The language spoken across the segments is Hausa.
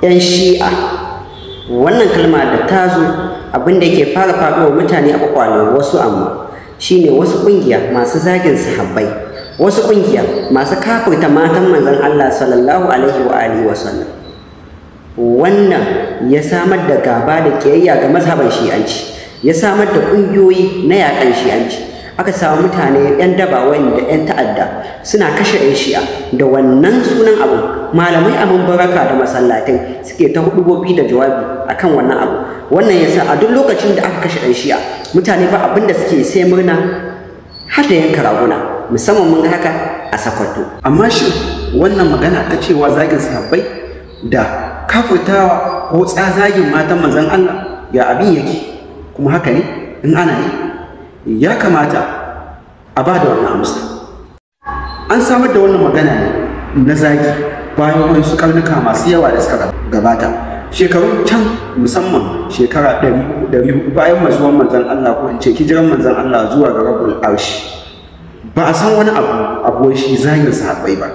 'yan shi'a wannan kalma da ta zo abinda ke yake fara faɗowa mutane a kwakwale wasu amma shine wasu ƙungiya masu zagin sahabbai wasu ƙungiya masu kafirta matan manzon Allah sallallahu alaihi wa alihi wa sallam wannan ya samar da gaba da kiyayya ga mazhaban shi'anci ya samar da ƙungiyoyi na yaƙan shi'anci aka samu mutane 'yan daba wanda 'yan ta'adda suna kashe 'yan shi'a da wannan sunan abu malamai a baraka da masallatai suke ta hudu gobi da jawabi kan wannan abu wannan ya sa a duk lokacin da aka kashe 'yan shi'a mutane ba abin da suke sai murna har da yanka raguna musamman mun ga haka a sakwato amma shi wannan magana ta cewa zagin sahabbai da kafurtawa ko zagin matan manzon Allah ya abin yake kuma haka ne in ana yi ya kamata a ba da wannan amsa an samar da wannan magana ne na zaki bayan wani su karnuka masu yawa da suka gabata shekarun can musamman shekara 400 bayan mazuwan manzan Allah ko in ce kijiran manzan Allah zuwa ga rabul arshi ba a san wani abu abuwan shi zagin sahabbai ba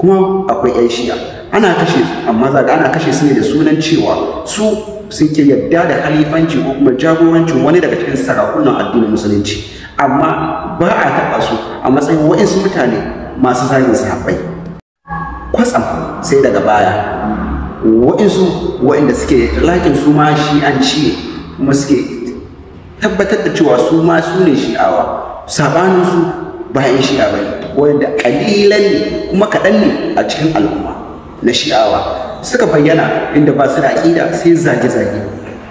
kuma akwai yan shi'a ana kashe su amma zaga ana kashe su ne da sunan cewa su sun ke yadda da halifanci ko kuma jagorancin wani daga cikin sarakunan addinin musulunci amma ba a taɓa su a matsayin wa'insu mutane masu zagin sahabbai kwatsam sai daga baya wa'insu waɗanda suke lakin su ma shi an ci kuma suke tabbatar da cewa su ma su ne shi'awa sabanin su bayan shi'a bane waɗanda kalilan ne kuma kaɗan ne a cikin al'umma na shi'awa suka bayyana inda ba su da aƙida sai zage-zage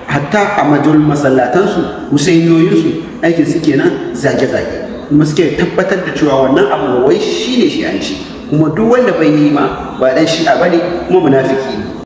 hatta a majal masallatansu husainiyoyinsu aikin su kenan zage-zage kuma suke tabbatar da cewa wannan abu wai shi ne shi an ci kuma duk wanda bai yi ma ba dan shi'a bane kuma munafiki ne